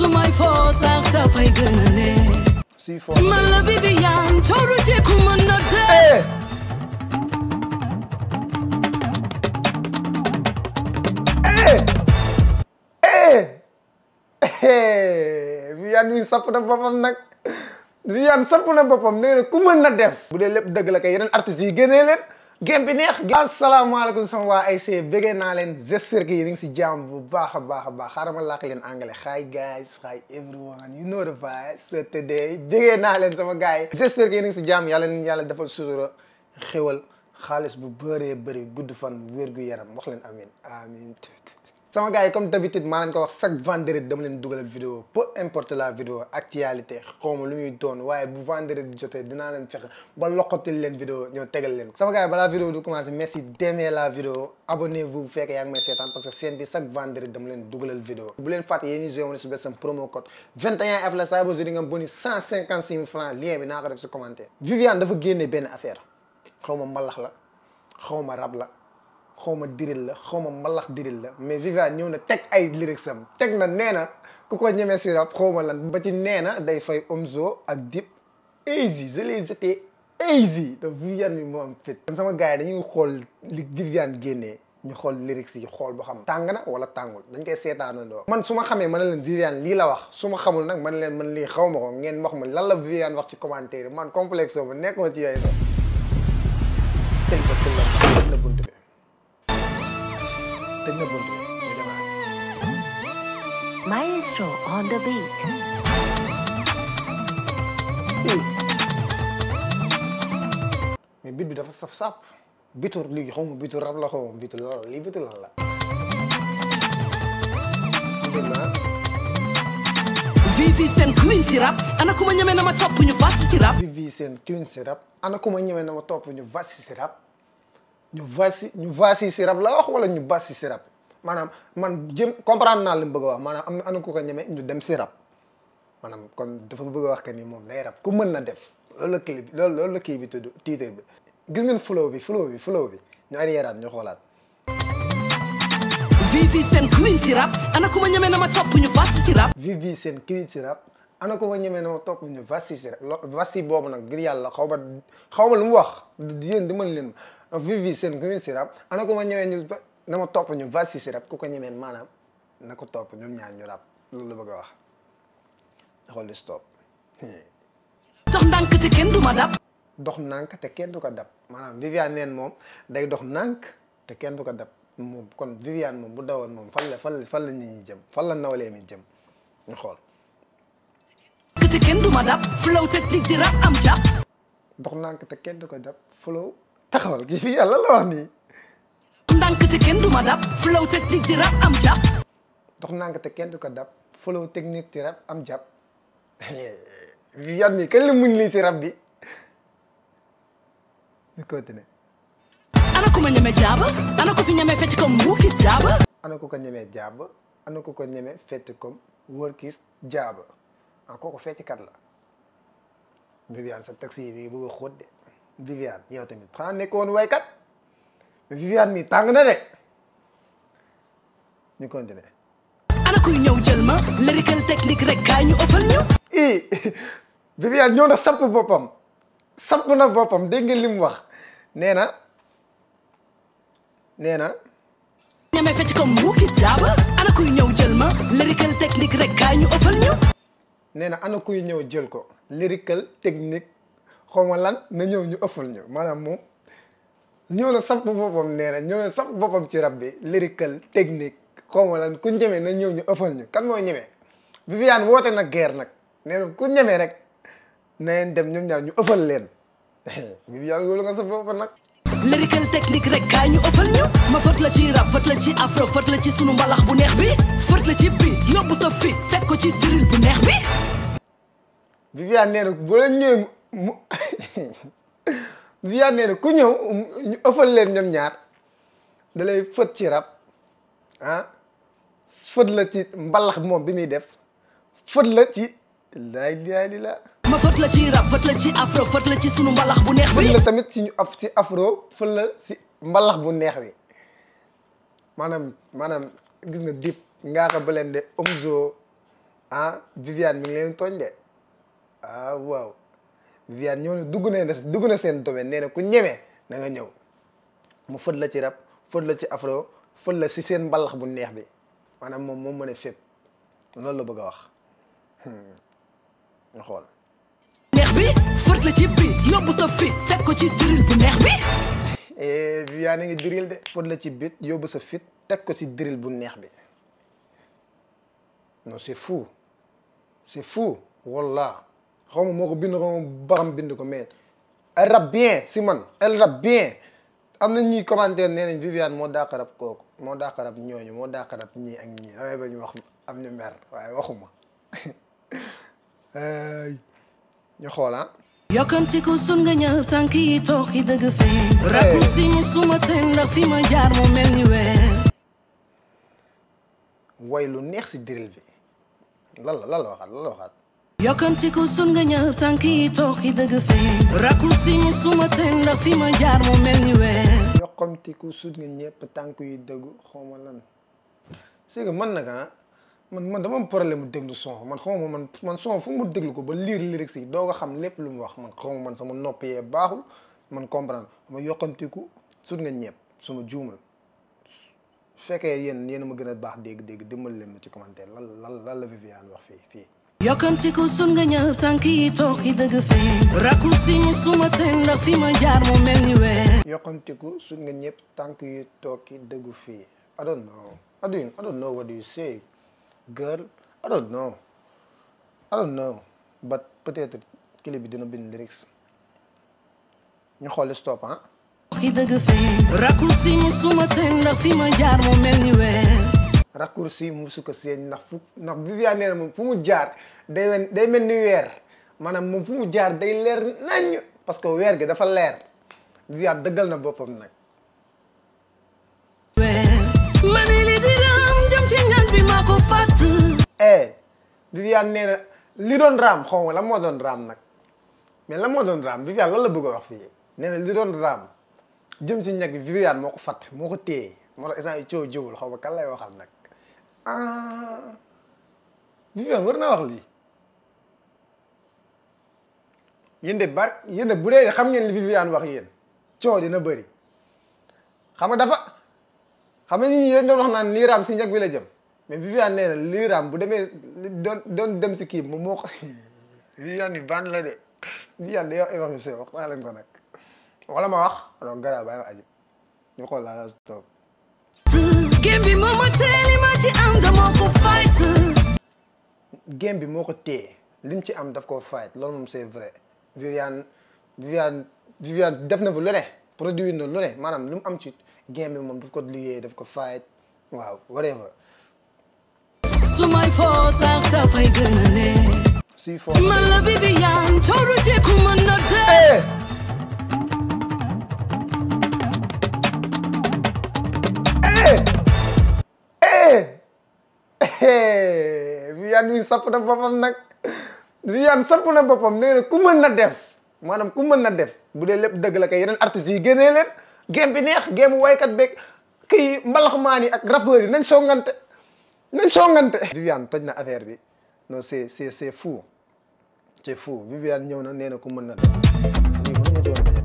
su may foo sax dafay gën a neex. si man la Viviane tooru na boppam nag ku mën def. bu dee lépp dëgg la kay yeneen artistes yi gém bi neex asalaamaaleykum sama waa ay see bëggee naa leen j'espère que yéen a ngi si jàmm bu baax baax a baax xaaral ma làkk leen anglais hi guys hi everyone you know the vibes so today bëggee naa leen sama gars yi j'espère que yéen a ngi si jàmm yàlla leen yàlla defal sutura xéwal xaalis bu bëree bëri gudd fan wér gu yaram wax leen amin amin sama gars yi comme d'habitude ma leen ko wax chaque vendredi dama len dugalal vidéo peu importe la vidéo actualité xawma lu muy doon waaye bu vendredi joté dina len fexe ba loqatil len vidéo ñoo tégal len sama gars yi la vidéo du commencer merci d'aimer la vidéo abonnez-vous bu fekkee ngi may seetaan parce que seen bi chaque vendredi dama len dugalal vidéo bu len faté yéen ñi joué woon si promo code 21 F la saa boo di nga boni cent francs lien bi naa ko def si commentaire Viviane dafa génne ben affaire xawma malax la xawma rab la xaw ma diril la xaw ma mbalax diril la mais Viviane ñëw na teg ay lyrics sam teg na nee na ku ko ñemee si rap xaw ma lan ba ci nee na day fay Omzo ak Dip easy je les étais easy donc Viviane bi moo fit sama gars yi ñu xool li Viviane génnee ñu xool lyrics yi xool boo xam tàng na wala tàngul dañ koy seetaanandoo man su ma xamee mën na leen Viviane lii la wax suma ma xamul nag mën leen man lii xaw ma ko ngeen wax ma lan la Viviane wax ci commentaire man complexe ma nekkoo ci yooyu sax tëj na buntu mu maestro on the beat mais bit bi sap bitu lii xaw ma bitu rab la xaw ma bitu lan la lii bitu vivi queen si rap ana na ma ñu vas si rap vivi Sen queen si rap ana na ma ñu vas si rap ñu vasi ñu la wax wala ñu basi sirap manam man jëm comprendre na lim bëgg wax manam am na ko ko ñëmé ñu dem sirab manam kon dafa bëgg wax que ni mom lay rap ku mën na def lolu clip lolu loolu bi tuddu titre bi gis ngeen flow bi flow bi flow bi ñu arriéraat ñu xolaat vivi sen queen ci rap ana ko ma ñëmé na ma top ñu ci rap queen ci rap ana ko ma ñëmé na ma top ñu vas ci rap vas xawma lu mu wax yeen di mën leen Oh, vivi seen commune Sirap ana ko ma ñëwee ma topp ñu vas si Sirap ku ko ñemee na ko topp ñoom ñaar ñu rap loolu la bëgg a wax xool dox nank te kenn du ma dab. ko dab maanaam Viviane neen moom day dox ndànk te kenn du ko dab moom kon Viviane moom bu dawoon moom fan la fan fan la nit ñi jëm fan la nawlee ni jëm ñu xool. te kenn du ma dab ko dab flow. taxawal gi fii yàlla la wax nii. ndànk te kenn du ma dab flow technique di rap am jàpp. dox ndànk te kenn ko dab flow technique di la muñ lii si rap bi ñu continuer. ana ku ma ñeme jaaba ana ku fi ñeme fecc comme wóorkis jaaba. ana ku ko ñeme jaaba ana ku ko ñeme ah, sa taxi bi bëgg a Viviane yow tamit xanaa nekkoon waykat Viviane mi tàng na de ñu continuer. ana kuy ñëw jël ma lyrical technique rek kaay ñu ëffal ñu. i Viviane ñëw na samp boppam samp na boppam dégg nga li mu wax nee na nee na. ana kuy ñëw jël ma lyrical technique rek kaay ñu ëffal ñu. nee na ana kuy ñëw jël ko lyrical technique. xaw ma lan na ñëw ñu ëffal ñu maanaam moom ñëw na samp boppam nee na ñëw na samp boppam ci rab bi lyrical technique xaw ma lan ku ñeme na ñëw ñu ëffal ñu kan moo ñeme Viviane woote na guerre nag nee na ku ñeme rek na ngeen dem ñoom ñaar ñu ëffal leen Viviane wóolu nga sa bopp nag. lyrical technique rek kaay ñu ëffal ñu ma fët la ci rap fët la ci afro fët la ci sunu mbalax bu neex bi fët la ci beat yóbbu sa fit teg ko ci drill bu neex bi. Viviane nee na bu la ñëwee. mu Viviane nee ku ñëw ñu ëffal leen ñaar dalay lay fët ci rab ah, fët la ci mbalax moom bi muy def fët la ci laay laay li la ma fët la ci rab fët la ci afro fët la ci sunu mbalax bu neex bi fët la si mbalax bu neex bi maanaam maanaam gis nga dip ngaa ko bëleen de Omzo ah Viviane mi ngi leen tooñ Viviane ñoo ne dugg na dugg na seen domaine nee na ku ñeme na nga ñëw mu fët la ci rap fët la ci afro fët la ci seen mbalax bu neex bi maanaam moom moom mën a loolu la bëgg a wax hmm. nga xool. neex bi fët la ci bit yóbbu sa fit teg ko ci diril bu neex bi. Eh, Viviane ngi diril sa fit teg ko si diril bu neex bi non c'est fou c'est xaw ma moo ko bind ko baram bind ko mais elle rappe bien si man elle rappe bien am na ñuy commentaire nee nañ Viviane moo dàq rap kooku moo dàq rap ñooñu moo dàq rap ñii ak ñii damay bañ wax am ñu mer waaye waxuma ñu xoola ah. yokkantiku sun nga ñëw tànk yi toog yi dëgg feeñ raccourci ñu suma seen ndax fi ma jaar moo mel ni weer way lu neex si diril bi lan la lan la waxaat lan yokkantiku sun nga ñëw tànk yi toog yi dëgg fii rakkul si ñu suma seen ndax fi ma jaar moo mel ni weer yokkantiku sun nga ñëpp tànk yi dëgg xawma lan c'est que man nag ah, man man dama am problème mu déglu son man xawma man man son fu déglu ko ba liir lirik si doo ko xam lépp lu mu wax man xawma man sama nopp yee baaxul man comprendre ma yokkantiku sun nga ñëpp suma juumal fekkee yéen yéen a ma gën a baax dégg-dégg dimbali leen ma ci commentaire la lan lan la Viviane wax fii fii yokkamti ku sun nga ñëw tànk toog yi dëgg feeñ rakkul si suma seen ndax fi ma mu mel ni ween yokkamti ku sun nga ñëpp tànk yi toog yi dëgg fii I don't know I don't, know but peut-être clip bi dina bind lyrics ñu xool stop ah yi dëgg suma seen ndax fi ma mu mel ni ween raccourci musu ko seen ndax fu ndax Viviane nee fu mu jaar day wen day mel ni weer maanaam moom fu mu jaar day leer que weer gi dafa leer Viviane dëggal na boppam nag eh Viviane nee na li doon raam xaw ma lan moo doon raam nag mais lan moo doon raam Viviane lan la bëgg a wax fii nee na li doon raam jëm si ñag bi Viviane moo ko fatt moo ko téye moo tax instant yi coow jiwul xaw ma kan lay waxal nag ah Viviane war naa wax lii yéen de bar yéen de bu dee xam ngeen li Viviane wax yéen coow dina bëri xam nga dafa xam nga yen yéen doon wax naan lii si njëg bi jem jëm mais Viviane nee na lii raam bu demee doon doon dem si kii moom moo ko Viviane yi ban la de Viviane day wax émission wax naa leen ko nag ma wax donc garaaw bàyyi ma aju laa la ci am da moo ko fight game bi moo ko téye lim ci am daf koo fight loolu moom c'est vrai Viviane Viviane Viviane def na fa lu ne produit na lu ne maanaam lu mu am ci game bi moom daf ko liggéey daf ko fight waaw whatever su may foo sax dafay gën a ne suy foo ma la Viviane tooru jëpp Viviane mi sapp na boppam nag Viviane sapp boppam nee na ku na def maanaam ku mën na def bu dee lépp dëgg kay yeneen artistes yi génnee leen bi neex game waykat be kii mbalaxmaan yi ak rappeurs yi nañ songante nañ songante. Viviane toj na affaire bi non c'est c'est c'est fou c'est fou ñëw na nee na ku mën na def